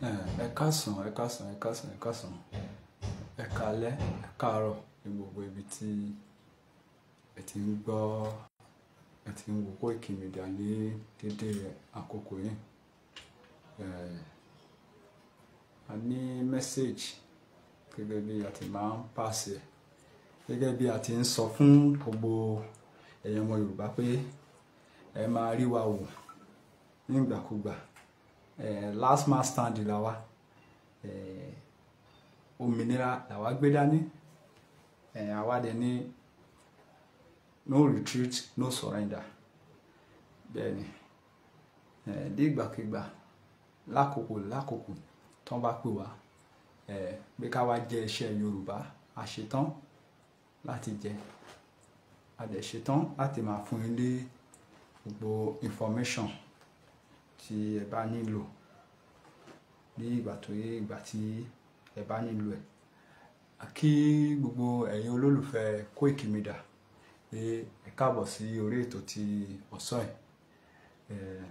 ẹ káàsán ẹ káàsán ẹ káàsán ẹ ẹ ẹ ní gbogbo ibi tí ẹ ti ń gbọ́ ẹ ti ń wo Koiki Media ní dédé àkókò yìí a ní gẹ́gẹ́ bí a ti máa ń pàṣẹ gẹ́gẹ́ bí a ti ń sọ fún gbogbo ẹ̀yàn ọmọ Yorùbá pé ẹ máa rí wa Eh, last man standing stand là wá eh, òmìnira làwa gbé dání eh, àwa de ní no retreat no surrender bẹ́ẹ̀ ni dígbàkigbà lákòókò lákòókò tán bá pè wá pé ká wá jẹ iṣẹ́ Yorùbá a ṣetán láti jẹ a dẹ̀ ṣetán láti máa fún yín ní information tí ẹ bá nílò ní ìgbà tó yé ìgbà tí ẹ bá nílò ẹ̀ kí gbogbo ẹ̀yin olólùfẹ́ Koiki Media pé ẹ káàbọ̀ sí orí ètò ti ọ̀sán ẹ̀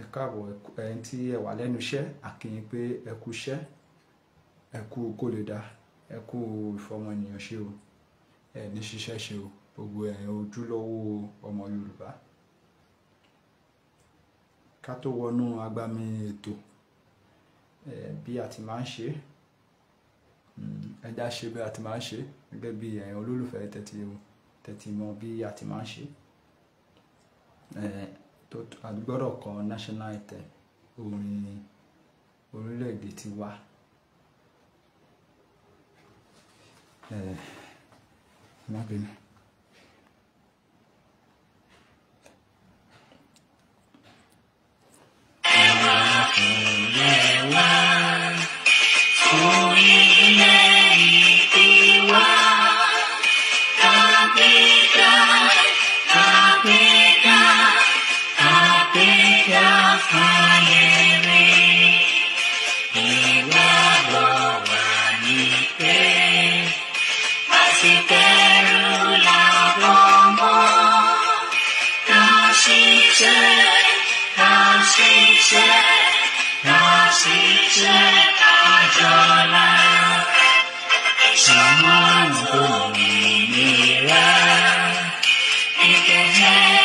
ẹ káàbọ̀ ẹ̀yin tí ẹ wà lẹ́nu iṣẹ́ àkìyìn pé ẹ kú iṣẹ́ ẹ kú kó ẹ kú ìfọmọ ṣe o ẹ ní ṣiṣẹ́ ṣe o gbogbo ẹ̀yin ojúlówó ọmọ Yorùbá ká tó wọnú agbami ètò bí a ti máa ń ṣe hmm, ẹja ṣe bí a ti máa ń ṣe gẹ́gẹ́ bí ẹ̀yin olólùfẹ́ tẹ́tí tẹ́tí bí a ti máa ń ṣe àgbọ̀rọ̀ kan national anthem orin orílẹ̀-èdè ti wá má Bye.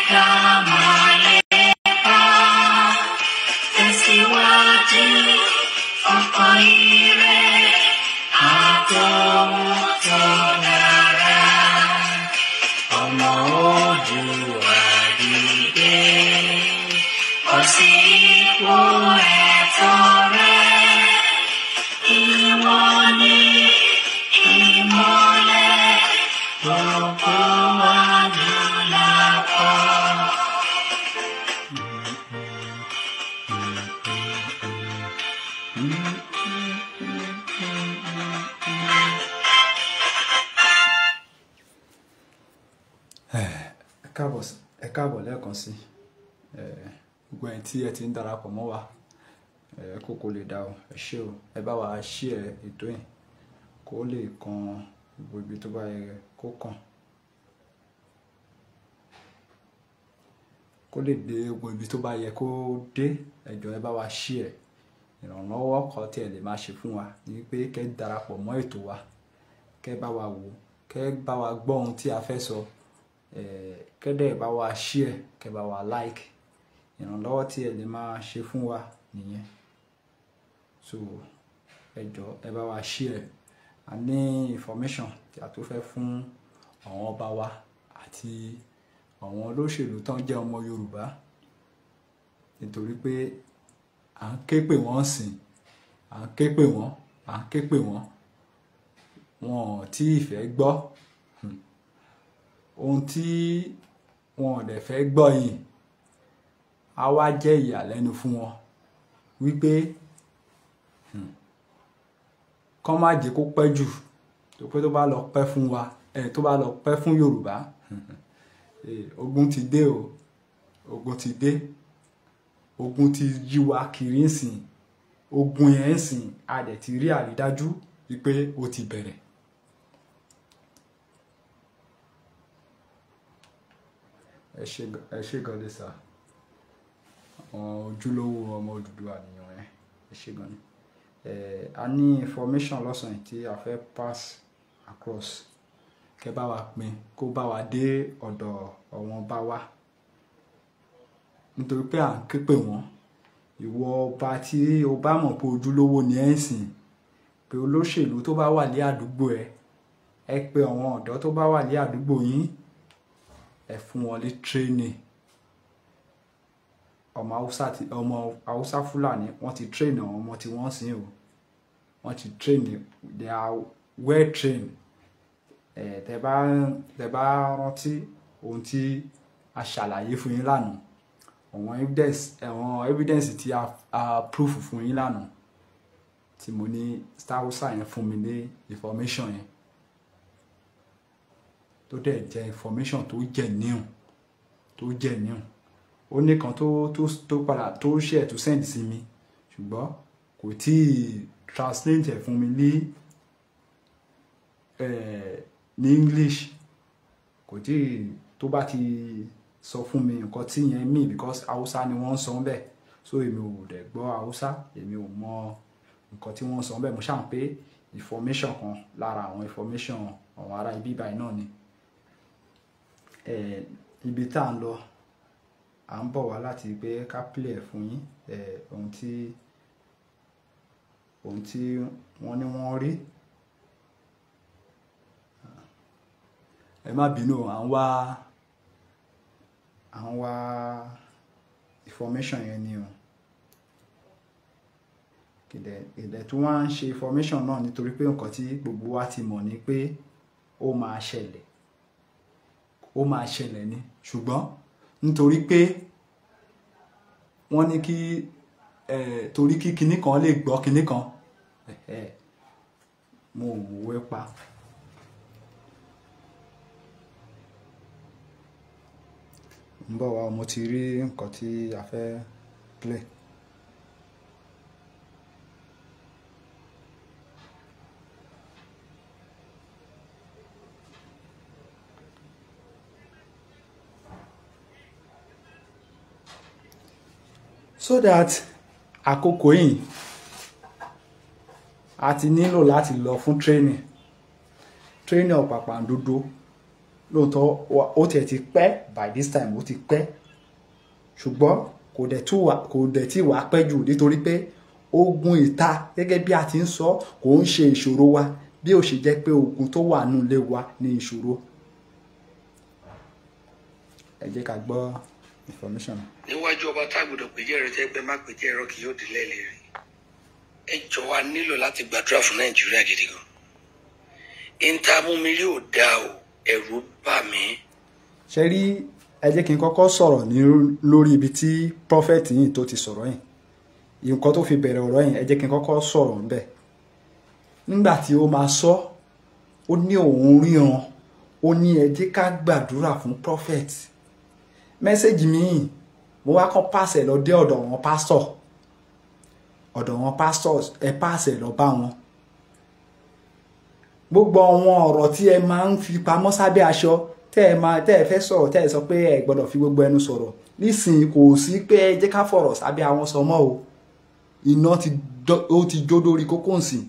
God. tí ẹ ti ń darapọ̀ mọ́ wa ẹ kò kò lè dá o ẹ ṣé o ẹ bá wa share ètò yìí kó lè kan gbogbo ibi tó bá yẹ kó kàn kó lè dé gbogbo ibi tó bá yẹ kó dé ẹ ẹ bá wa share ìrànlọ́wọ́ kan tí ẹ lè máa ṣe fún wa ni pé kẹ́ darapọ̀ mọ́ ètò wa kẹ́ bá wa wò kẹ́ bá wa gbọ́ ohun tí a fẹ́ sọ kẹ́ dẹ̀ bá wa share kẹ́ bá wa like ìrànlọ́wọ́ tí ẹ lè máa ṣe fún wa nìyẹn so ẹ jọ̀ọ́ ẹ bá wa share a ní information tí a tó fẹ́ fún àwọn ọba wa àti àwọn olóṣèlú tán jẹ́ ọmọ Yorùbá nítorí pé à ń ké pè wọ́n sìn à ń ké pè wọ́n à ń ké pè wọ́n wọn ò tí ì fẹ́ gbọ́ ohun tí wọn ò dẹ̀ fẹ́ gbọ́ yìí A wá jẹ́ ìyàlẹ́nu fún wọn wípé hmm, kán má jẹ́ kó pẹ́ jù tó pé tó bá lọ pẹ́ fún wa ẹ̀ tó bá lọ pẹ́ fún Yorùbá eh, ogun ti dé o ogun ti dé ogun ti yí wa kiri ń ogun yẹn ń a dẹ̀ ti rí àrídájú wípé ó ti bẹ̀rẹ̀. ẹ ṣé gan àwọn ojúlówó ọmọ Odùduwà nìyàn yẹn ẹ ṣe gan ni a ní information lọ́sàn-án tí a fẹ́ pass across kẹ bá wa pín kó bá wa dé ọ̀dọ̀ ọ̀wọ́n bá wa nítorí pé à ń ké pè wọ́n ìwọ ọba tí o bá mọ̀ pé ojúlówó ni ẹ̀ ń sìn pé olóṣèlú tó bá wà ní àdúgbò ẹ ẹ pé àwọn ọ̀dọ́ tó bá wà ní àdúgbò yín ẹ fún wọn ní training ọmọ haúsá fúlàní wọ́n ti train àwọn ọmọ tí wọ́n sìn o wọ́n ti train they are well trained ẹ̀ tẹ́ bá tẹ́ rántí ohun tí a ṣàlàyé fún yín lánàá àwọn evidence àwọn evidence ti a a proof fún yín lánàá tí mo ní star hausa yẹn fún mi ní information yẹn tó dẹ̀ jẹ́ information tó jẹ́ níhùn tó jẹ́ níhùn ó ní kan tó tó tó padà tó ṣe tó send sí mi ṣùgbọ́n kò tí ì translate ẹ̀ fún mi ní ní English kò tí ì tó bá ti sọ fún mi nǹkan tí yẹn mí because Hausa ni wọ́n ń sọ bẹ́ẹ̀ so èmi ò dẹ̀ gbọ́ Hausa èmi ò mọ nǹkan tí wọ́n ń sọ bẹ́ẹ̀ mo ṣáà ń pé information kan lára àwọn information àwọn ará ibi báyìí náà ni ibi tá à ń lọ à ń bọ̀ wá láti pé ká play ẹ̀ fún yín ohun tí ohun tí wọ́n ní wọ́n rí ẹ má bínú à ń wá à ń wá information yẹn ni o kìdẹ̀ ìdẹ̀ tí wọ́n á ń ṣe information náà nítorí pé nǹkan tí gbogbo wa ti mọ̀ ni pé ó máa ṣẹlẹ̀ ó máa ṣẹlẹ̀ ni ṣùgbọ́n nítorí pé wọ́n ní kí torí kí kinní kan lè gbọ́ kinní kan mo wò ẹ pa. ń bọ̀ wá mo ti rí nǹkan tí a fẹ́ play. so that àkókò yìí a ti nílò láti lọ fún training training ọ̀pàpàǹdodo lóòótọ́ ó tiẹ̀ ti pẹ́ by this time ó ti pẹ́ ṣùgbọ́n kò dẹ̀ tí wàá pẹ́ jù nítorí pé ogun ìta gẹ́gẹ́ bí a ti ń sọ kò ń ṣe ìṣòro wa bí ó ṣe jẹ́ pé ogun tó wà nù lé wa ní ìṣòro ẹ jẹ́ ká gbọ́ information. níwájú ọba tá a gbọ́dọ̀ péjẹ́ rẹ tẹ́ pé má péjẹ́ rọ kì yóò di lẹ́lẹ̀ rí ẹ jọ wa nílò láti gbàdúrà fún nàìjíríà gidi gan ìntàmúmi yóò dá o ẹ̀rù bà mí. ṣe rí ẹ jẹ́ kí n kọ́kọ́ sọ̀rọ̀ lórí ibi tí prọfẹ̀tì yìí tó ti sọ̀rọ̀ yìí nǹkan tó fi bẹ̀rẹ̀ ọ̀rọ̀ yìí ẹ jẹ́ kí n kọ́kọ́ sọ̀rọ̀ ńbẹ̀ nígbà tí ó máa sọ ó ní òun ríran ó ní ẹ jẹ́ ká gbàdúrà fún prọfẹ̀tì mẹ́sẹ̀gì míì mo wá kọ́ pàṣẹ lọ dé ọ̀dọ̀ wọn pásítọ̀ ọ̀dọ̀ wọn pásítọ̀ ẹ pàṣẹ lọ bá wọn gbogbo àwọn ọ̀rọ̀ tí ẹ máa ń fi pamọ́ sábẹ́ aṣọ tẹ́ ẹ máa tẹ́ ẹ fẹ́ sọ̀rọ̀ tẹ́ ẹ sọ pé ẹ gbọ́dọ̀ fi gbogbo ẹnu sọ̀rọ̀ nísìnyí kò sí pé ẹ jẹ́ ká fọ̀rọ̀ sábẹ́ àwọn sọmọ o iná ó ti jó dórí kókó ǹsìn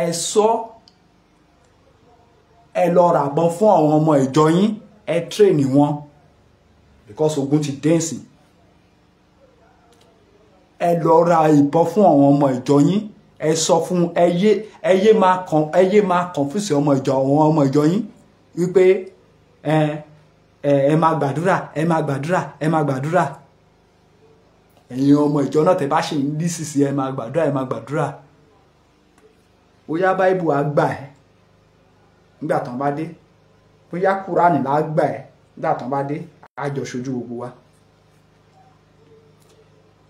ẹ sọ ẹ lọ ràgbọn fún àwọn ọmọ ìjọ yín ẹ tírèènì wọn because ogun ti dẹ́ǹsì ẹ lọ ra ìbọn fún àwọn ọmọ ìjọ yín ẹ sọ fún ẹyé ẹyé máa kàn ẹyé ma confuse ọmọ ìjọ àwọn ọmọ ìjọ yín wípé ẹ Eh máa gbàdúrà ẹ máa gbàdúrà ẹ máa gbàdúrà ẹ̀yin ọmọ ìjọ náà tẹ́ bá ṣe ń dí sísì ẹ máa gbàdúrà ẹ máa gbàdúrà bóyá báíbù á gbà ẹ nígbà tán bá dé bóyá kúránì lá gbà ẹ nígbà tán àjọ ṣojú gbogbo wa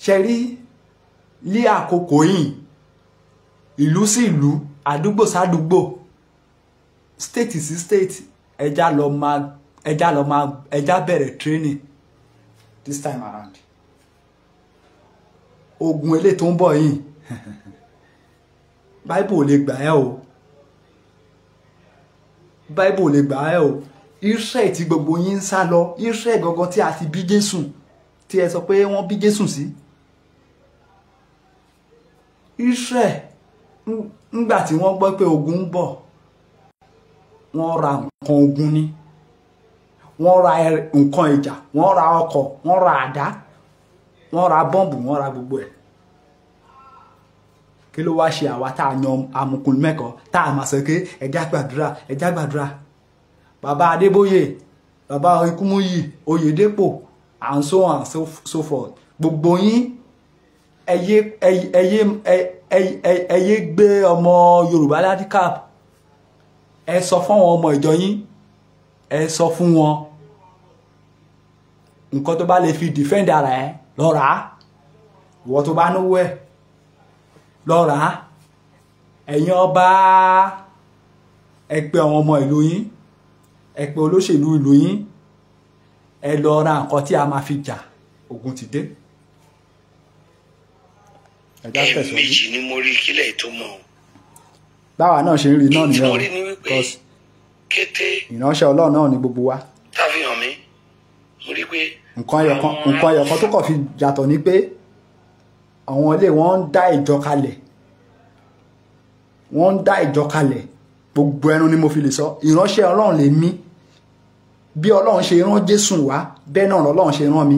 ṣe rí lé àkókò yìí ìlú sí ìlú àdúgbò sádúgbò state sí state ẹja lọ máa ẹja lọ máa ẹja bẹ̀rẹ̀ training this time around ogun eléyìí tó ń bọ̀ yìí bible ò lè gbà ẹ́ o bible ò lè gbà ẹ́ o israel tí gbogbo yín ń sá lọ israel gangan tí a ti bí jésù tí ẹ sọ pé wọ́n bí jésù sí israel ńgbà tí wọ́n gbọ́ pé ogun ń bọ̀ wọ́n ra nǹkan ogun ni wọ́n ra nǹkan ìjà wọ́n ra ọkọ̀ wọ́n ra àdá wọ́n ra bọ́ǹbù wọ́n ra gbogbo ẹ̀ kí ló wá ṣe àwa tá a yan amukùn mẹ́kọ̀ọ́ tá a máa sọ pé ẹ̀já gbàdúrà ẹ̀já gbàdúrà Baba adébóyè baba ikúmúyì oyèdépò and so on and so, so forth gbogbo yín ẹyẹ ẹyẹ ẹyẹ gbé ọmọ yorùbá ládìkàp ẹ sọ fún àwọn ọmọ ìjọ yín ẹ sọ fún wọn nǹkan tó bá lè fi defend ara ẹ lọ́ra ìwọ tó bá níwọ̀ ẹ lọ́ra ẹ̀yin ọba ẹgbẹ́ àwọn ọmọ ìlú yín ẹ pé olóṣèlú ìlú yín ẹ lọ ra nǹkan tí a máa fi jà ogun ti dé. ẹ̀ẹ̀mejì ni mo rí kílẹ̀ tó mọ̀ o. báwa náà ṣe ń rí náà nìyẹn o because ìránṣẹ́ ọlọ́run náà ni gbogbo wa. tàbí hàn mí mo rí pé. nǹkan ẹyọkan nǹkan ẹyọkan tó kàn fi yàtọ̀ ni pé àwọn ilé wọn ń dá ìjọ kalẹ̀ wọ́n ń dá ìjọ kalẹ̀ gbogbo ẹnu ni mo fi lè sọ ìránṣẹ́ ọlọ́run lè mí bí ọlọ́run ṣe rán jésù wá bẹ́ẹ̀ náà lọ́lọ́run ṣe rán mi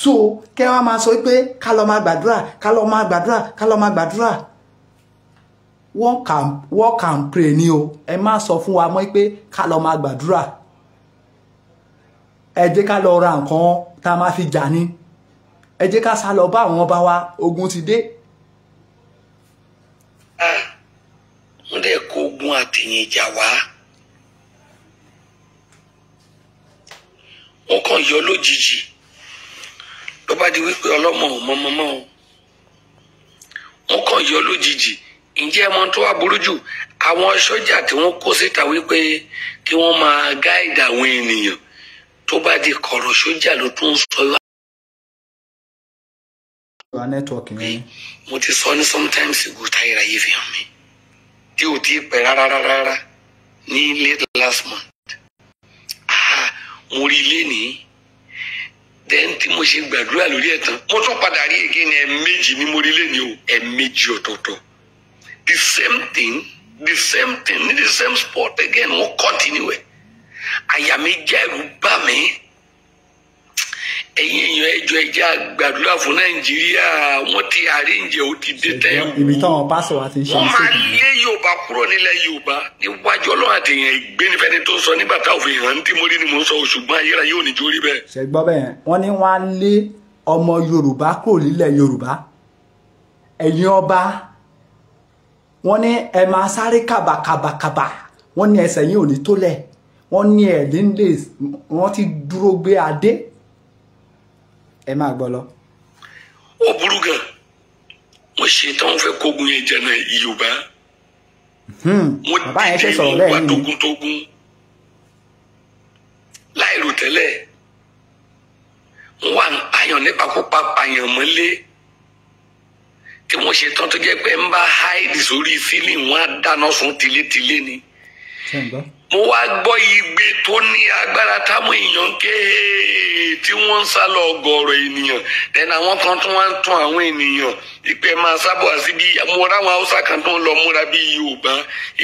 so kẹ́ wá máa sọ pé ká lọ máa gbàdúrà ká lọ máa gbàdúrà ká lọ máa gbàdúrà work and pray ni o ẹ má sọ fún wa mọ́ pé ká lọ máa gbàdúrà ẹ jẹ́ ká lọ ra nǹkan tá a máa fi jà ni ẹ jẹ́ ká sá lọ bá àwọn ọba wa ogun ti dé àtẹ̀yìn ìjà wá. wọ́n kàn yọ lójijì ló bá di wípé ọlọ́mọ ò mọ mọ́mọ́ o wọ́n kàn yọ lójijì ǹjẹ́ ẹ mọ tó wà burú jù àwọn sójà tí wọ́n kó síta wípé kí wọ́n máa gáìdì àwọn ènìyàn tó bá di kọ̀rọ̀ sójà ló tún sọ yọ. mo ti sọ ní sometimes ago táyìrà yìí fi hàn mí tí ò tí ì rárá rárá ní late last month ah mo rí ilé nìyí then tí mo ṣe gbàdúrà lórí ẹ̀ tán mo tún padà rí èké ní ẹ̀ẹ̀mejì ni mo rí ilé nìyí o ẹ̀ẹ̀mejì ọ̀tọ̀ọ̀tọ̀ the same thing the same thing ní the same spot again mo continue ẹ̀ àyà mi jẹ́ ẹ̀rù bà mí ẹ̀yin èèyàn ẹjọ́ ẹjẹ́ àgbàdúrà fún nàìjíríà wọ́n ti àríǹjẹ́ ó ti dé tẹ́yìn kú. ibi táwọn pásọ wa ti ń ṣe àṣẹ. wọ́n máa lé yorùbá kúrò nílẹ̀ yorùbá níwájú ọlọ́run àti èèyàn ìgbénifẹ́ni tó sọ nígbà táwọn èèyàn hàn tí mo rí ni mò ń sọ ṣùgbọ́n ayérayé ò ní jórí bẹ́ẹ̀. ṣègbọ́ bẹ́ẹ̀ wọ́n ní wọ́n á lé ọmọ yorùbá kúrò nílẹ̀ yorùbá ẹ̀yin ọba wọ́n ní ẹ máa sáré kàbàkàbàkàbà wọ́n ní ẹsẹ̀ yín ò ní tólẹ̀ wọ́n ní ẹ̀ ẹ máa gbọ́ lọ. ó burú gan mo ṣe táwọn fẹ́ kógun yẹn jẹ náà yorùbá. Hmm. bàbá yẹn ṣe sọ̀rọ̀ lẹ́yìn mi. mo dìde ìwà tógúntógún láìrò tẹ́lẹ̀ wà àyàn nípa kópa àyàn mọ́lé tí wọ́n ṣe tán tó jẹ́ pé ń bá háìdì sórí sílì wọn á dáná sun tilétilé ni mo wá gbọ́ igbe tó ní agbára táwọn èèyàn ké tí wọ́n ń sá lọ ọgọ́rọ̀ ènìyàn lẹ́nu àwọn kan tó wá ń tún àwọn ènìyàn ìpè máa sábọ̀ síbi mo ráwọn haúsá kan tó ń lọ múra bí yorùbá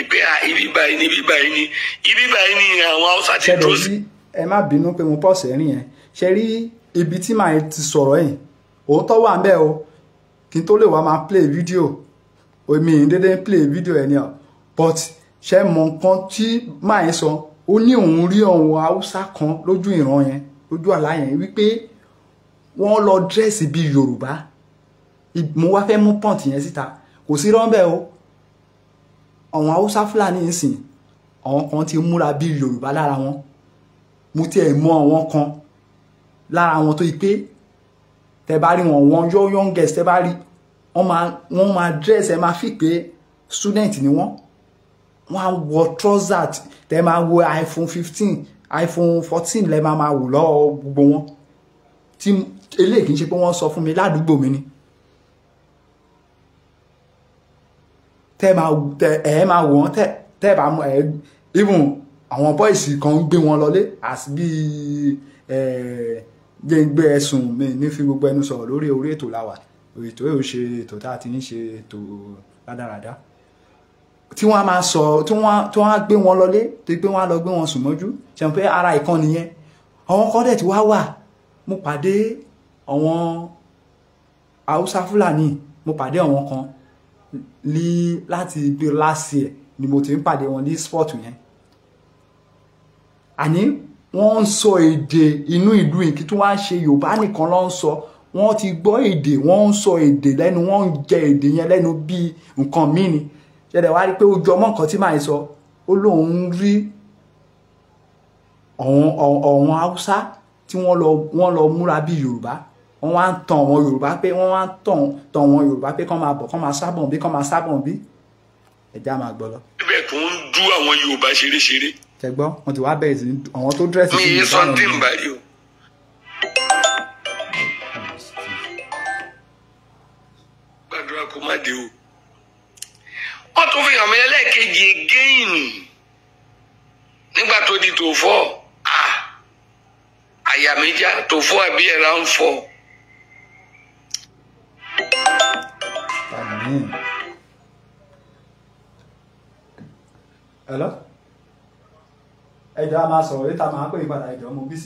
ìpè ibi báyìí ni ibi báyìí ni ibi báyìí ni àwọn haúsá ti dúró sí. ẹ má bínú pé mo pọ̀ sẹ́rìn yẹn ṣe rí ibi tí màá ti sọ̀rọ̀ yìí òótọ́ wà ń bẹ̀ o kí n tó lè wá máa play video èmi but ṣe mọ nǹkan tí máa ń sọ ó ní òun rí ọ̀hún haúsá kan lójú ìran yẹn lójú àlá yẹn wípé wọ́n lọ dírẹ́sì bíi yorùbá mo wá fẹ́ mú pọ́ǹtì yẹn síta kò sí rọ́ńbẹ́ o àwọn haúsá fúlàní ń sìn àwọn kan ti múra bíi yorùbá lára wọn mo tiẹ̀ mọ àwọn kan lára wọn tó yí pé tẹ bá rí wọn wọn yọ youngest tẹ bá rí wọn máa dírẹ́sì ẹ máa fi pé student ni wọn wọ́n á wọ trọ́sà tẹ́ máa wo iphone fifteen iphone fourteen lẹ́ máa máa wò lọ́wọ́ gbogbo wọn tí eléyìí kì í ṣe pé wọ́n sọ fún mi ládùúgbò mi ni. tẹ́ máa tẹ́ ẹ̀ máa wò wọ́n tẹ́ tẹ́ bá mú ẹ̀ even àwọn bọ́ìsì kan ń gbé wọn lọlé as bíi ẹ̀ jẹ́ gbé ẹ̀sùn mi ní fi gbogbo ẹnu sọ̀rọ̀ lórí orí ètò làwà ètò yóò ṣe ètò tá a ti ń ṣe ètò rádaràda tí wọ́n á máa sọ tí wọ́n á gbé wọn lọlé tó gbé wọn á lọ gbé wọn sùn mọ́jú ṣẹ̀mú pé ara ìkan nìyẹn àwọn kọ́dẹ̀ tí wá wà mo pàdé àwọn haúsá fúlàní mo pàdé àwọn kan lí láti bí last year ni mo ti ń pàdé wọn ní sport yẹn àní wọ́n ń sọ èdè inú ìlú yìí kí tí wọ́n á ṣe yorùbá nìkan ló ń sọ wọ́n ti gbọ́ èdè wọ́n ń sọ èdè lẹ́nu wọ́n ń jẹ èdè yẹn lẹ́nu bíi nǹkan míì ni ṣẹlẹ̀ wá rí pé ó jọmọ́ nǹkan tí màá sọ ó lóun rí ọ̀hún haúsá tí wọ́n lọ múra bí yorùbá wọ́n wá ń tàn wọn yorùbá pé wọ́n wá ń tàn wọn yorùbá pé kán máa bọ̀ kán máa sábọ̀n bí kán máa sábọ̀n bí ẹ̀já máa gbọ́ lọ. ibẹ̀ kò ń dú àwọn yorùbá ṣeréṣeré. tẹgbọ́ wọn ti wá bẹ̀rẹ̀ sí àwọn tó dírẹ́sì sí yorùbá sọ dín báyìí o. Oh, gbàdúrà kó má dé o wọ́n tún fi hàn mí lẹ́ẹ̀kejì géènì nígbà tó di tòfọ́ ah, àyà mi já tòfọ́ àbí ẹ̀rá ń fọ́. Hello? ẹjọ́ a máa sọ̀rọ̀ létà máa pè é padà ẹjọ́ mo bí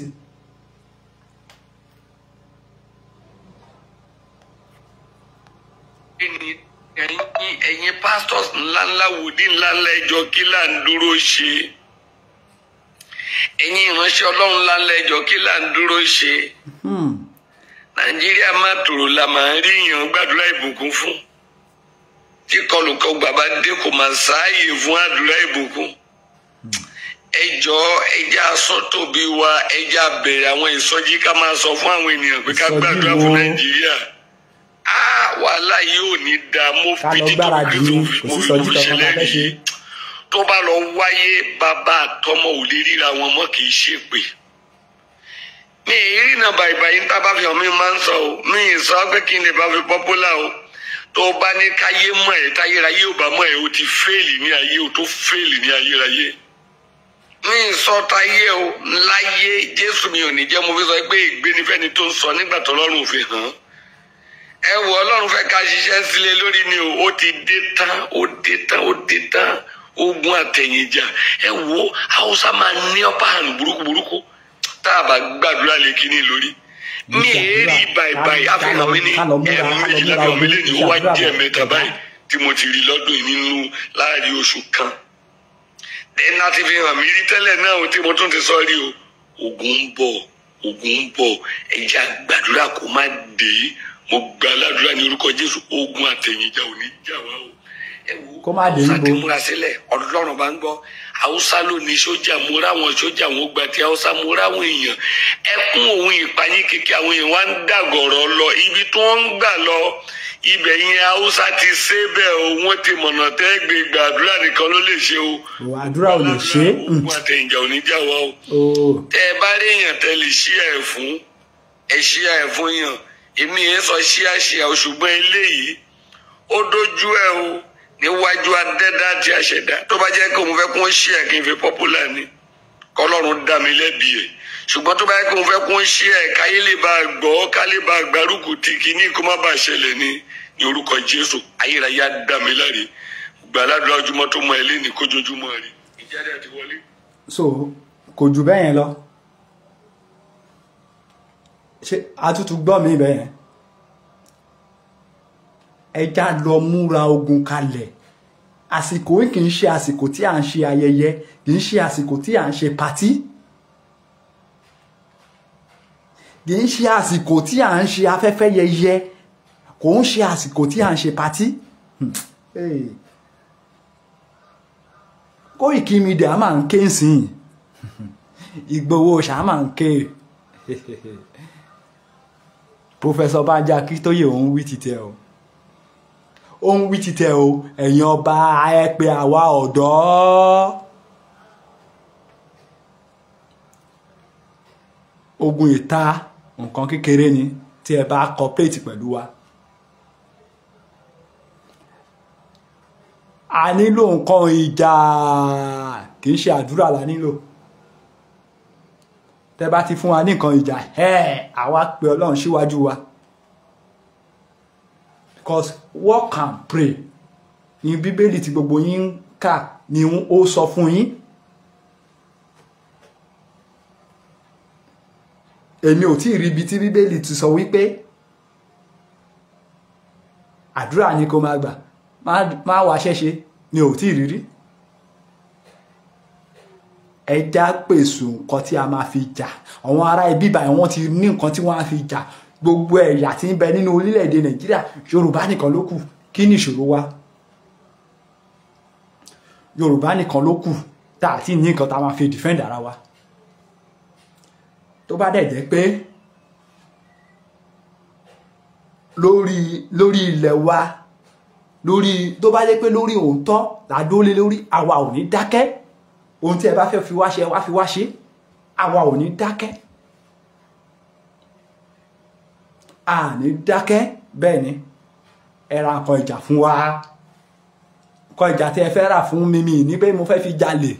ẹ̀yin pastors ńláńlá wòlíì ńláńlá ẹjọ́ kí là ń dúró ṣe ẹ̀yin ìránṣẹ́ ọlọ́run ńláńlá ẹjọ́ kí là ń dúró ṣe hmm. nàìjíríà má tòrò la máa ń rí èèyàn gbàdúrà ìbùkún fún tí kọlùkọ bàbá dé kò máa sáàyè fún àdúrà ìbùkún ẹjọ ẹjẹ asọtòbí wa ẹjẹ abẹrẹ àwọn ìsọjí ká máa sọ fún àwọn ènìyàn pé ká gbàdúrà fún nàìjíríà wàhálà yìí ò ní da mo fi títọ́ kìtò mo fi mo ṣẹlẹ̀ yìí tó bá lọ wáyé bàbá àtọmọ ò lè ríra wọn mọ́ kì í ṣèpè mi ìrírí náà bàìbàì ń tábà fi hàn mí máa ń sọ o mi ì sọ pé kí n lè bá fi pọ́pọ́là o tó bá ní káyé mọ̀ ẹ́ táyérayé ò bá mọ̀ ẹ́ o ti fẹ́ẹ̀lì ní ayé o tó fẹ́ẹ̀lì ní ayérayé mi ì táyé o láyé jésù mi ò ní jẹ́ mo fi sọ pé ìgbénifẹ́ni tó ń sọ nígbà tó lọ́rùn ò hàn án ẹ wò ọlọ́run fẹ́ ká ṣiṣẹ́ sílé lórí ni o ó ti dé tán ó dé tán ó dé tán ogun àtẹ̀yìnjà ẹ wò haúsá máa ní ọ̀pá hàn burúkú burúkú tá a bá gbàdúrà lé kíní lórí ní èérí báyìí àfihàn mi ní ẹ̀ẹ̀mejìlá bí ọmọ eléyìí ó wá jẹ́ mẹ́ta báyìí tí mo ti rí lọ́dún yìí nínú láàrin oṣù kan ẹ̀ẹ́nà ti fi hàn mí rí tẹ́lẹ̀ náà tí mo tún ti sọ rí o ogun ń bọ̀ ogun ń bọ̀ ẹ̀jẹ̀ àgbàdúrà kó má dé mo gba aládùúrà ní orúkọ jésù ogun àtẹ̀yìnjà ò ní jà wá o. ẹ wo hausa ti múra sílẹ̀ ọlọ́run bá ń gbọ́ hausa ló sójà mo ráwọn sójà wọn gba ti hausa mo ráwọn èèyàn ẹkún òun ìpayín kékeré àwọn èèyàn wá ń dàgọ̀rọ̀ lọ ibi tí wọ́n ń gbà lọ ibẹ̀ yẹn hausa ti ṣe bẹ́ẹ̀ o wọ́n ti mọ̀nà tẹ́ gbé gbàdúrà nìkan ló lè ṣe o. àdúrà ò lè ṣe. ogun mm. àtẹ̀yìnjà ò jà wá o. Oh. tẹ bá rí èèyàn tẹ lè ṣí ẹ̀ fún ẹ̀ ṣí ẹ̀ fún yàn èmi yẹn sọ ṣíàṣíà o ṣùgbọ́n eléyìí ó dojú ẹ o níwájú adẹ́dá àti àṣẹ̀dá tó bá jẹ́ kó mo fẹ́ kún ṣíà kí n fi popular ni kọlọ́run dá mi lẹ́bi ẹ̀ ṣùgbọ́n tó bá yẹ kó mo fẹ́ kún ṣíà káyé lè bá gbọ́ ká lè bá gbárùkù tì kí ní kó má bàa ṣẹlẹ̀ ni ní orúkọ Jésù ayérayé á dá mi láre gbàládùn ojúmọ́ tó mọ ẹ lé ní ìjáde àti wọlé. so kò jù bẹ́ẹ̀ yẹn lọ ṣe àtútù gbọ́ mi bẹ́ẹ̀ ẹja lọ múra ogun kalẹ̀ àsìkò yìí kì í ṣe àsìkò tí à ń ṣe ayẹyẹ kì í ṣe àsìkò tí à ń ṣe patí kì í ṣe àsìkò tí à ń ṣe afẹ́fẹ́ yẹyẹ kò ń ṣe àsìkò tí à ń ṣe patí hmm. Koiki Media máa ń ké sí Ìgbòho ṣáà máa ń ké. Professor Banja Akíntóyè òun wí títẹ o òun wí títẹ o ẹ̀yin ọba ẹ pé àwa ọ̀dọ́ ogun ìta nǹkan kékeré ni tí ẹ bá cooperate pẹ̀lú wa. a nílò nǹkan ìjà kì í ṣe àdúrà la nílò tẹ́ bá ti fún wa ní nǹkan ìjà ẹ̀ àwa pé ọlọ́run síwájú wa because work and pray ní bíbélì tí gbogbo yín ń kà ni ó sọ fún yín èmi ò tí ì rí ibi tí bíbélì ti sọ wípé àdúrà ni kó máa gbà má wàá ṣẹ́ṣe ni ò tí ì rí rí ẹja pèsè nǹkan tí a máa fi jà àwọn ará ibi báyìí wọ́n ti ní nǹkan tí wọ́n á fi jà gbogbo ẹ̀yà tí ń bẹ nínú orílẹ̀-èdè nàìjíríà yorùbá nìkan ló kù kí ni ìṣòro wa yorùbá nìkan ló kù tá a ti ní nǹkan tá a máa fi defend ara wa tó bá dẹ̀ jẹ́ pé lórí lórí ilẹ̀ wa lórí tó bá jẹ́ pé lórí òótọ́ làdó lé lórí àwa ò ní dákẹ́ ohun tí ẹ bá fẹ́ fi wá ṣe ẹ wá fi wá ṣe àwa ò ní dákẹ́ a ní dákẹ́ bẹ́ẹ̀ ni ẹ ra nǹkan ìjà fún wa nǹkan ìjà tí ẹ fẹ́ rà fún mi mi ní pé mo fẹ́ fi jalè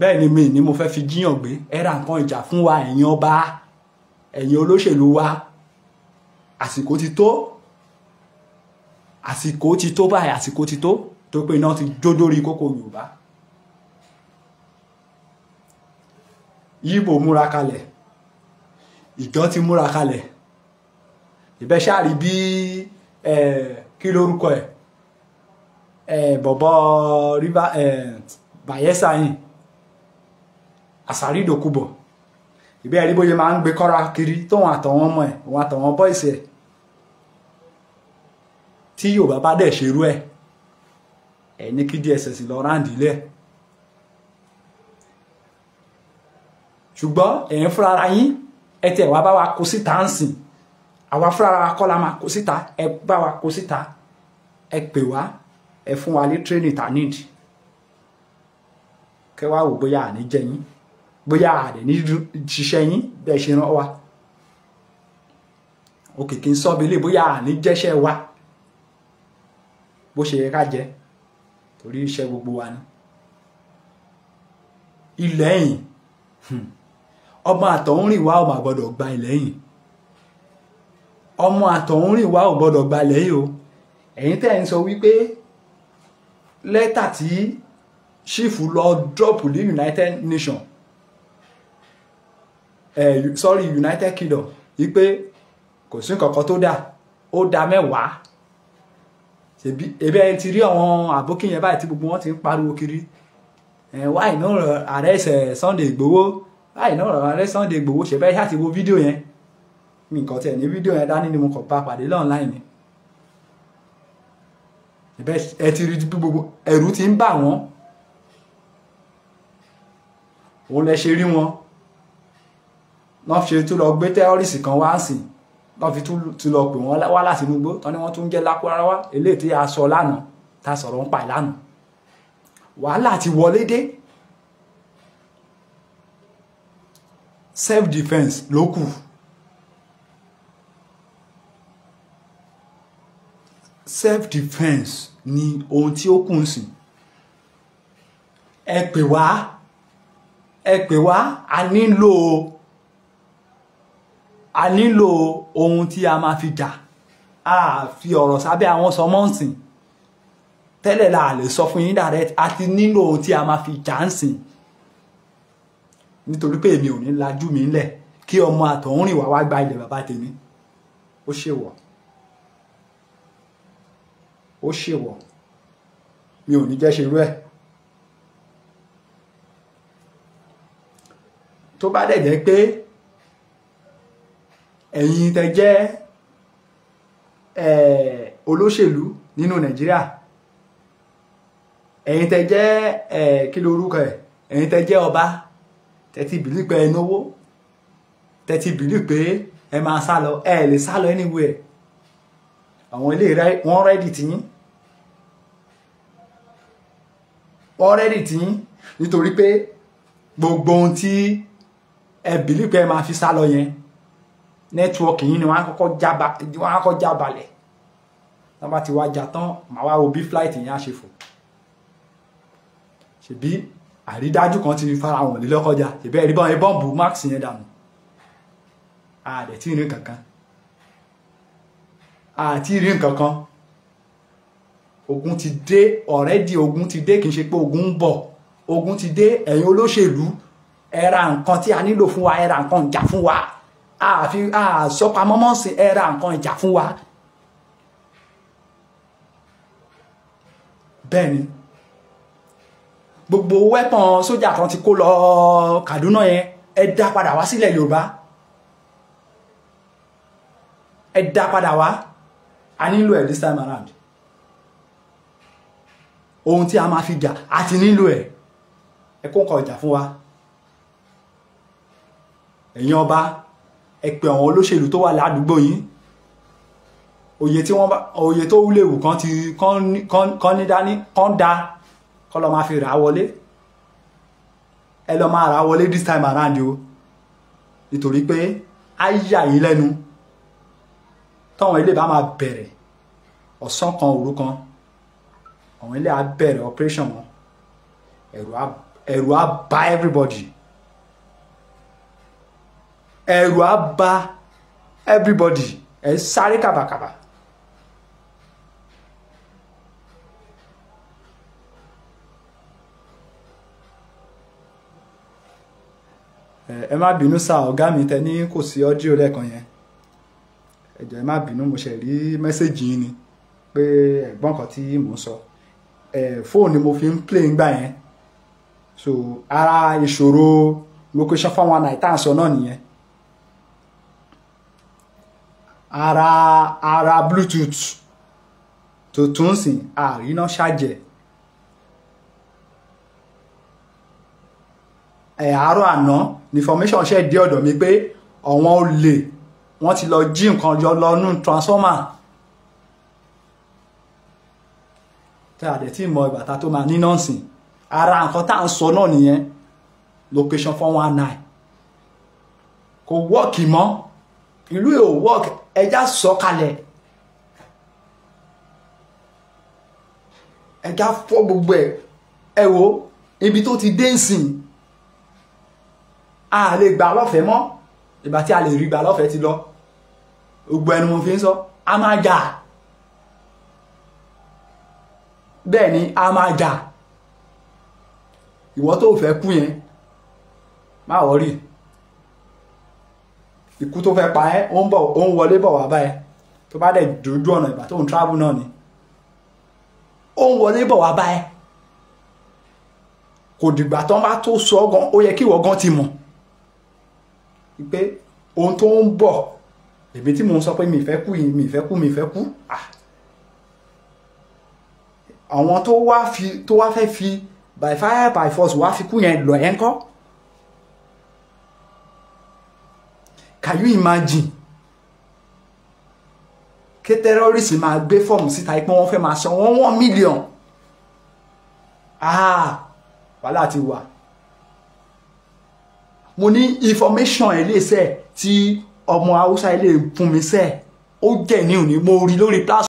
bẹ́ẹ̀ ni mi ní mo fẹ́ fi jíyàn gbé ẹ ra nǹkan ìjà fún wa ẹ̀yin ọba ẹ̀yin olóṣèlú wa àsìkò ti tó àsìkò ti tó báyìí àsìkò ti tó tó pé iná ti jó dórí kókó yorùbá yíbo múra kalẹ̀ ìjọ ti múra kalẹ̀ ìbẹ́ ṣáàrí bí kí lórúkọ ẹ̀ bọ̀bọ̀ rìbá Bayelsa yìí àsàrí ìdòkúbọ̀ ìbẹ́ rí bóyá máa ń gbé kọ́ra kiri tóun àtọ̀wọn ọmọ ẹ̀ òun àtọ̀wọn bọ́ìsì ẹ̀ tí Yorùbá bá dẹ̀ ṣerú ẹ̀ ẹ ní kí DSS lọ ráǹdì lẹ̀ ṣùgbọ́n ẹ̀yin fúnra ara yín ẹ tẹ̀ wá bá wa kó síta ń sìn àwa fúnra ara wa kọ́ la máa kó síta ẹ bá wa kó síta ẹ pè wá ẹ fún wa ní tírénì tá nídìí kẹ wá wò bóyá àní jẹ yín bóyá àdè ní ṣiṣẹ́ yín bẹ́ẹ̀ ṣe rán wa òkè kí n sọ́bi lè bóyá àní jẹ́ṣẹ́ wa bó ṣe yẹ ká jẹ́ torí iṣẹ́ gbogbo wa ni ilẹ̀yìn hmm, ọmọ àtọ̀húnrìn wa ò mà gbọ́dọ̀ gba ilẹ̀yìn ọmọ àtọ̀húnrìn wa ò gbọ́dọ̀ gba ilẹ̀yìn o ẹ̀yin tẹ́ ẹ̀ ń sọ wípé lẹ́tà tí ṣífù lọ dọ́pù ní United Nations eh, sorry United Kingdom wípé kò sí nǹkan kan tó dà ó dá mẹ́wàá ebi ẹ ti rí àwọn àbókí yẹn báyìí tí gbogbo wọn ti ń pariwo kiri Why no? rọ ààrẹ ẹsẹ Sunday Igboho Why no? rọ ààrẹ Sunday Igboho ṣe bẹ́ẹ̀ ṣáà ti wo fídíò yẹn mi nǹkan tẹ̀ ní fídíò yẹn dání ni mo kàn bá pàdé online ni ìbẹ́ ẹ ti rí gbogbo ẹ̀rù ti ń bà wọ́n òun lẹ ṣe rí wọn lọ́n ṣe tó lọ gbé tẹ́ọ́rìsì kan wá sìn lọ́ fi tún lọ pè wọ́n wá láti inú igbó tán ni wọ́n tún ń jẹ́ lákúráwá eléyìí tí a sọ lánàá tá a sọ̀rọ̀ ń pa lánàá wàhálà ti wọlé dé self defence ló kù self defence ni ohun tí ó kùn sí ẹ pè wá ẹ pè wá a nílò a nílò ohun tí a máa fi jà a fi ọ̀rọ̀ sábẹ́ àwọn sọmọ́ǹsìn tẹ́lẹ̀ la lè sọ fún yín direct a ti nílò ohun tí a máa fi jà ń sìn nítorí pé èmi ò ní lajú mi ńlẹ̀ kí ọmọ àtọ̀hún rìn wá wá gba ilẹ̀ bàbá tèmi ó ṣèwọ̀ ó ṣèwọ̀ mi ò ní jẹ́ ṣe irú ẹ̀ tó bá dẹ̀ jẹ́ pé ẹ̀yin tẹ́ jẹ́ olóṣèlú nínú nàìjíríà ẹ̀yin tẹ́ jẹ́ kí ló orúkọ ẹ̀ ẹ̀yin tẹ́ jẹ́ ọba tẹ́ ti bìlí pé ẹ náwó tẹ́ bìlí pé ẹ máa sá lọ ẹ lè sá lọ anywhere àwọn ilé wọn rẹ́dì tí yín wọn rẹ́dì tí yín nítorí pé gbogbo ohun tí ẹ bìlí pé ẹ máa fi sá lọ yẹn nẹ́tíwọ́ọ̀kì yìí ni wọ́n á kọ́kọ́ já balẹ̀ tán bá ti wá já tán màá wá wo bí flight yẹn á ṣe fò ṣèbí àrídájú kan ti fara hàn lé lọ́kọjá ṣèbí ẹ̀rí bọ́n bọ́ǹbù max yẹn dànù àdẹ̀tí ìrìn kankan àti ìrìn kankan ogun ti dé ọ̀rẹ́dì ogun ti dé kì í ṣe pé ogun ń bọ̀ ogun ti dé ẹ̀yin olóṣèlú ẹ ra nǹkan tí a nílò fún wa ẹ ra nǹkan ìjà fún wa àfi àsọpamọ́ mọ́ sí ẹ ra nǹkan ìjà fún wa bẹ́ẹ̀ ni gbogbo wẹ́pọ̀n sójà kan ti kó lọ Kaduna yẹn ẹ dá padà wá sílẹ̀ Yorùbá ẹ dá padà wá a nílò ẹ̀ this time around ohun tí a máa fi jà àti nílò ẹ̀ ẹ kó nǹkan ìjà fún wa ẹ̀yin ọba ẹ pè àwọn olóṣèlú tó wà ládùúgbò yín òye tí wọ́n bá òye tó léwu kan ti kan ní dání kan da kọ́ lọ́ máa fi rà á wọlé ẹ lọ́ máa rà á wọlé this time around o nítorí pé á yà yín lẹ́nu táwọn ilé bá máa bẹ̀rẹ̀ ọ̀sán kan òru kan àwọn ilé á bẹ̀rẹ̀ operation wọn ẹ̀rù á bá everybody ẹ̀rù á ba everybody ẹ̀ ń sáré kàbàkàbà. ẹ má bínú sa ọ̀gá mi tẹ ní kò sí ọ́díò lẹ́ẹ̀kan yẹn ẹ má bínú mo ṣe rí mẹ́sẹ̀gì yín ni pé ẹ̀gbọ́n kan tí mò ń sọ fóònù mo fi ń play nígbà yẹn so ara ìṣòro location fáwọn àná ìtàǹsọ náà nìyẹn ara ara bluetooth tó tún sìn àríná ṣàjẹ́ ẹ̀ àárọ̀ àná ni information ṣe dé ọ̀dọ̀ mi pé àwọn olè wọ́n ti lọ jí nǹkan jọ lọ́nú transformer tá a dẹ̀ tí mọ ìgbà tá a tó máa ní nọ́ọ̀sì ara nǹkan tá à ń sọ náà nìyẹn location four one nine kò wọ́ọ̀kì mọ́ ìlú yóò wọ́ọ̀kì ẹja sọ̀kalẹ̀ ẹja fọ́ gbogbo ẹ̀ ẹ wo ibi tó ti dé nsìn a lè gbà lọ́fẹ̀ẹ́ mọ́ ìgbà tí a lè rí gbà lọ́fẹ̀ẹ́ ti lọ gbogbo ẹnu mo fi ń sọ a máa jà bẹ́ẹ̀ ni a máa jà ìwọ tó fẹ́ kú yẹn má wọ́rì ikú tó fẹ́ pa ẹ́ ó ń bọ̀ ó ń wọlé bọ̀ wá báyẹn tó bá dẹ̀ dojú ọ̀nà ìgbà tó ń travel náà ni ó ń wọlé bọ̀ wá báyẹn kò dìgbà tán bá tó sọ gan ó yẹ kí ìwọ gan ti mọ̀ pé ohun tó ń bọ̀ èmi tí mò ń sọ pé mi ìfẹ́ kú yìí mi ìfẹ́ kú mi ìfẹ́ kú ah! àwọn tó wá fi tó wá fẹ́ fi by fire by force wá fi kú yẹn lọ yẹn kọ́. can you imagine kí terrorist máa gbé fọ́ọ̀mù síta pé wọ́n fẹ́ máa san wọ́n one million ah wàhálà ti wà mo ní information iléeṣẹ́ tí ọmọ haúsá ilé fún mi sẹ́ẹ̀ ó jẹ́ ní òní mo rí lórí platform.